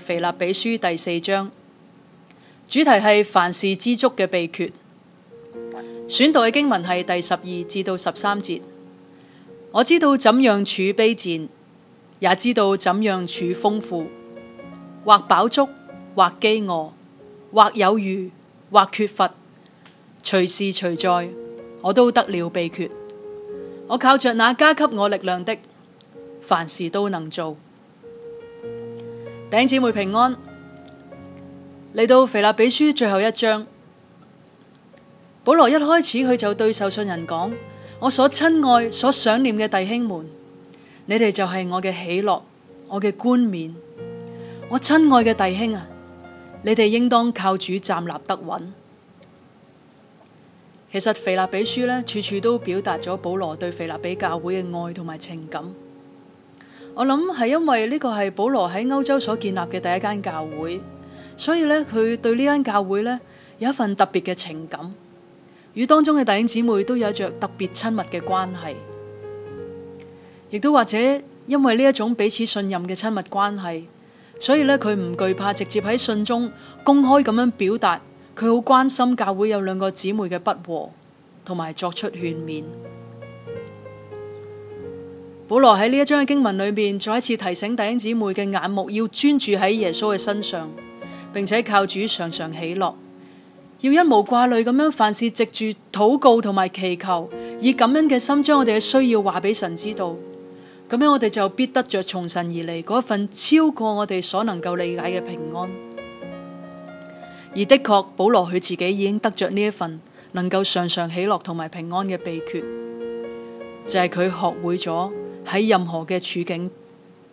腓立比書第四章，主題係凡事知足嘅秘訣。選讀嘅經文係第十二至到十三節。我知道怎樣處卑賤，也知道怎樣處豐富，或飽足，或飢餓，或有餘，或缺乏，隨時隨在，我都得了秘訣。我靠着那加給我力量的，凡事都能做。弟兄姊妹平安，嚟到腓立比書最後一章，保羅一開始佢就對受信人講：我所親愛、所想念嘅弟兄們，你哋就係我嘅喜樂、我嘅冠冕。我親愛嘅弟兄啊，你哋應當靠主站立得穩。其實腓立比書呢，處處都表達咗保羅對腓立比教會嘅愛同埋情感。我諗係因為呢個係保羅喺歐洲所建立嘅第一間教會，所以咧佢對呢間教會呢，有一份特別嘅情感，與當中嘅弟兄姊妹都有着特別親密嘅關係，亦都或者因為呢一種彼此信任嘅親密關係，所以咧佢唔懼怕直接喺信中公開咁樣表達佢好關心教會有兩個姊妹嘅不和，同埋作出勸勉。保羅喺呢一章嘅經文裏面，再一次提醒弟兄姊妹嘅眼目要專注喺耶穌嘅身上，並且靠主常常喜樂，要一無掛慮咁樣，凡事藉住禱告同埋祈求，以感恩嘅心將我哋嘅需要話俾神知道。咁樣我哋就必得着從神而嚟嗰份超過我哋所能夠理解嘅平安。而的確，保羅佢自己已經得着呢一份能夠常常喜樂同埋平安嘅秘訣，就係、是、佢學會咗。喺任何嘅處境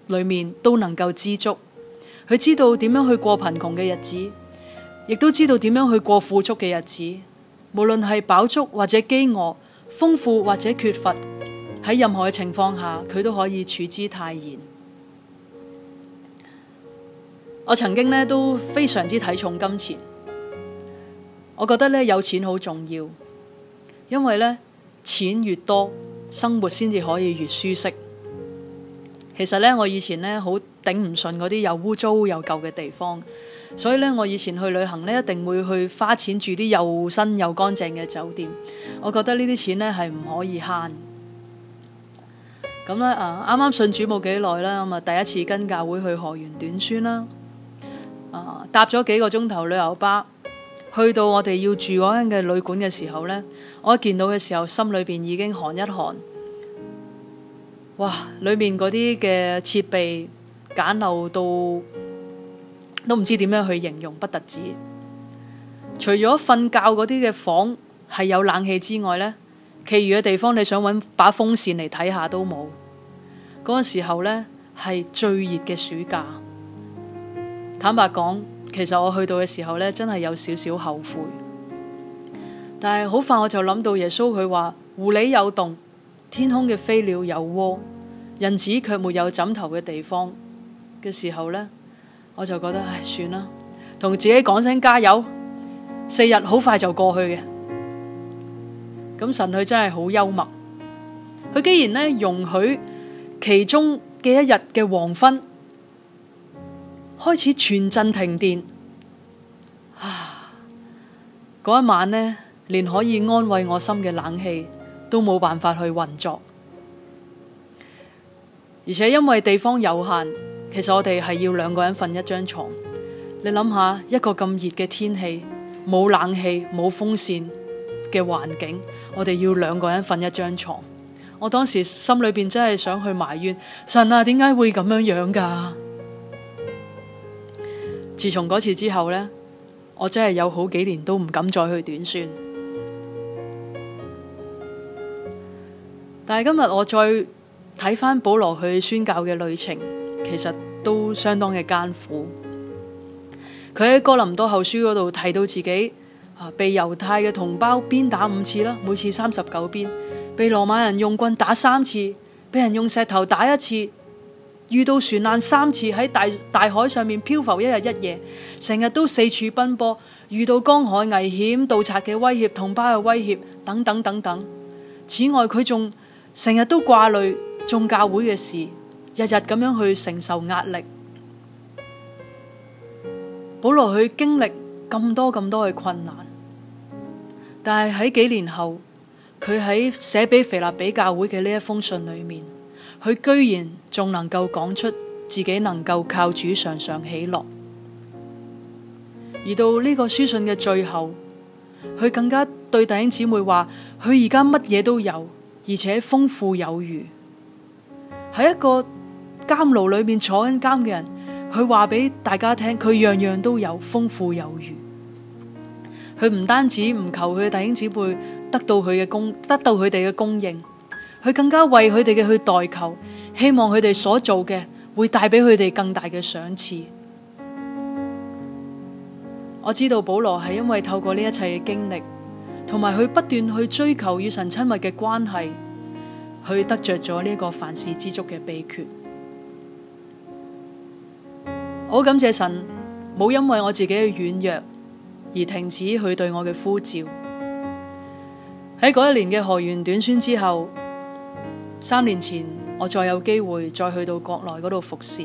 裏面都能夠知足，佢知道點樣去過貧窮嘅日子，亦都知道點樣去過富足嘅日子。無論係飽足或者飢餓，豐富或者缺乏，喺任何嘅情況下，佢都可以處之泰然。我曾經咧都非常之睇重金錢，我覺得咧有錢好重要，因為咧錢越多。生活先至可以越舒適。其實呢，我以前呢好頂唔順嗰啲又污糟又舊嘅地方，所以呢，我以前去旅行呢，一定會去花錢住啲又新又乾淨嘅酒店。我覺得呢啲錢呢係唔可以慳。咁呢，啊，啱啱信主冇幾耐啦，咁啊第一次跟教會去河源短宣啦，啊，搭咗幾個鐘頭旅遊巴。去到我哋要住嗰間嘅旅館嘅時候呢，我一見到嘅時候心裏邊已經寒一寒。哇，裏面嗰啲嘅設備簡陋到都唔知點樣去形容不特止。除咗瞓覺嗰啲嘅房係有冷氣之外呢，其餘嘅地方你想搵把風扇嚟睇下都冇。嗰、嗰個時候呢，係最熱嘅暑假，坦白講。其實我去到嘅時候呢，真係有少少後悔。但係好快我就諗到耶穌佢話：狐狸有洞，天空嘅飛鳥有窩，人子卻沒有枕頭嘅地方嘅時候呢，我就覺得，唉，算啦，同自己講聲加油，四日好快就過去嘅。咁神佢真係好幽默，佢既然呢容許其中嘅一日嘅黃昏，開始全鎮停電啊！嗰一晚呢，連可以安慰我心嘅冷氣都冇辦法去運作，而且因為地方有限，其實我哋係要兩個人瞓一張床。你諗下，一個咁熱嘅天氣，冇冷氣、冇風扇嘅環境，我哋要兩個人瞓一張床。我當時心裏面真係想去埋怨神啊，點解會咁樣樣㗎？自從嗰次之後呢，我真係有好幾年都唔敢再去短宣。但係今日我再睇翻保羅去宣教嘅旅程，其實都相當嘅艱苦。佢喺哥林多後書嗰度提到自己啊，被猶太嘅同胞鞭打五次啦，每次三十九鞭；被羅馬人用棍打三次，被人用石頭打一次。遇到船難三次，喺大大海上面漂浮一日一夜，成日都四處奔波，遇到江海危險、盜賊嘅威脅、同胞嘅威脅等等等等。此外，佢仲成日都掛慮眾教會嘅事，日日咁樣去承受壓力。保羅去經歷咁多咁多嘅困難，但係喺幾年後，佢喺寫俾腓立比教會嘅呢一封信裏面，佢居然。仲能夠講出自己能夠靠主常常喜樂，而到呢個書信嘅最後，佢更加對弟兄姊妹話：佢而家乜嘢都有，而且豐富有餘。喺一個監牢裏面坐緊監嘅人，佢話俾大家聽，佢樣樣都有，豐富有餘。佢唔單止唔求佢嘅弟兄姊妹得到佢嘅供，得到佢哋嘅供應。佢更加為佢哋嘅去代求，希望佢哋所做嘅會帶俾佢哋更大嘅賞賜。我知道保羅係因為透過呢一切嘅經歷，同埋佢不斷去追求與神親密嘅關係，去得着咗呢個凡事知足嘅秘訣。我感謝神，冇因為我自己嘅軟弱而停止佢對我嘅呼召。喺嗰一年嘅河源短宣之後。三年前，我再有機會再去到國內嗰度服侍，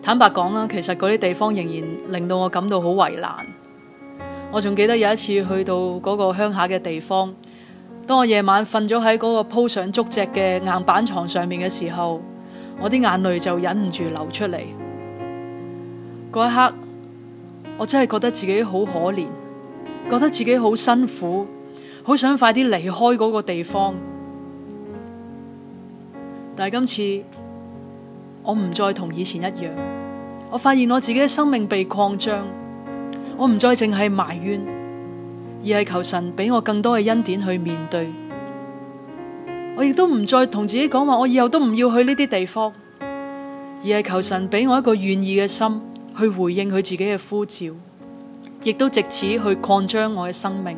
坦白講啦，其實嗰啲地方仍然令到我感到好為難。我仲記得有一次去到嗰個鄉下嘅地方，當我夜晚瞓咗喺嗰個鋪上竹席嘅硬板床上面嘅時候，我啲眼淚就忍唔住流出嚟。嗰一刻，我真係覺得自己好可憐，覺得自己好辛苦，好想快啲離開嗰個地方。但係今次，我唔再同以前一樣，我發現我自己嘅生命被擴張。我唔再淨係埋怨，而係求神俾我更多嘅恩典去面對。我亦都唔再同自己講話，我以後都唔要去呢啲地方，而係求神俾我一個願意嘅心去回應佢自己嘅呼召，亦都借此去擴張我嘅生命。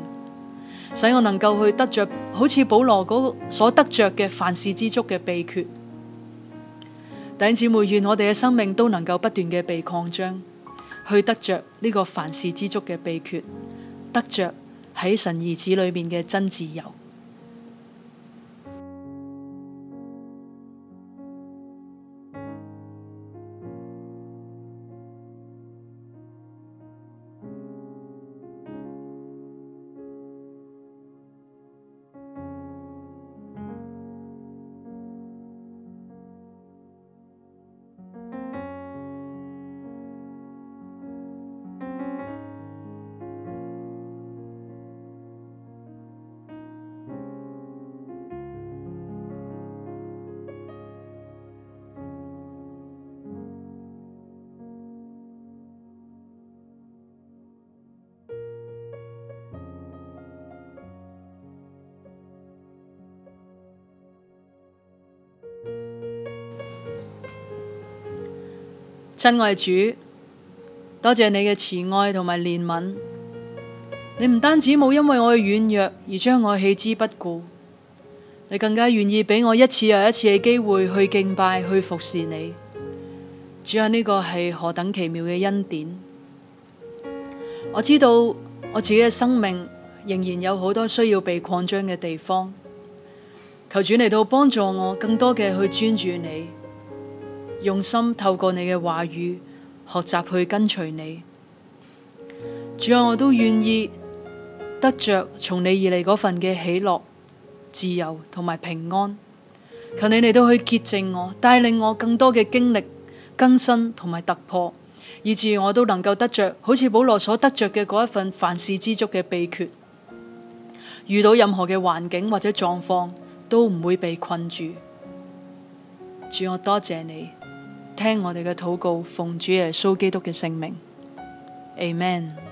使我能夠去得着，好似保羅所得着嘅凡事知足嘅秘訣。弟兄姊妹，願我哋嘅生命都能夠不斷嘅被擴張，去得着呢個凡事知足嘅秘訣，得着喺神兒子裏面嘅真自由。親愛主，多謝你嘅慈愛同埋憐憫，你唔單止冇因為我嘅軟弱而將我棄之不顧，你更加願意俾我一次又一次嘅機會去敬拜去服侍你。主啊，呢個係何等奇妙嘅恩典！我知道我自己嘅生命仍然有好多需要被擴張嘅地方，求主嚟到幫助我更多嘅去專注你。用心透過你嘅話語學習去跟隨你，主啊，我都願意得着從你而嚟嗰份嘅喜樂、自由同埋平安。求你嚟到去潔淨我，帶領我更多嘅經歷更新同埋突破，以至我都能夠得着好似保羅所得着嘅嗰一份凡事知足嘅秘訣。遇到任何嘅環境或者狀況，都唔會被困住。主，我多謝你。聽我哋嘅禱告，奉主耶穌基督嘅聖名，Amen。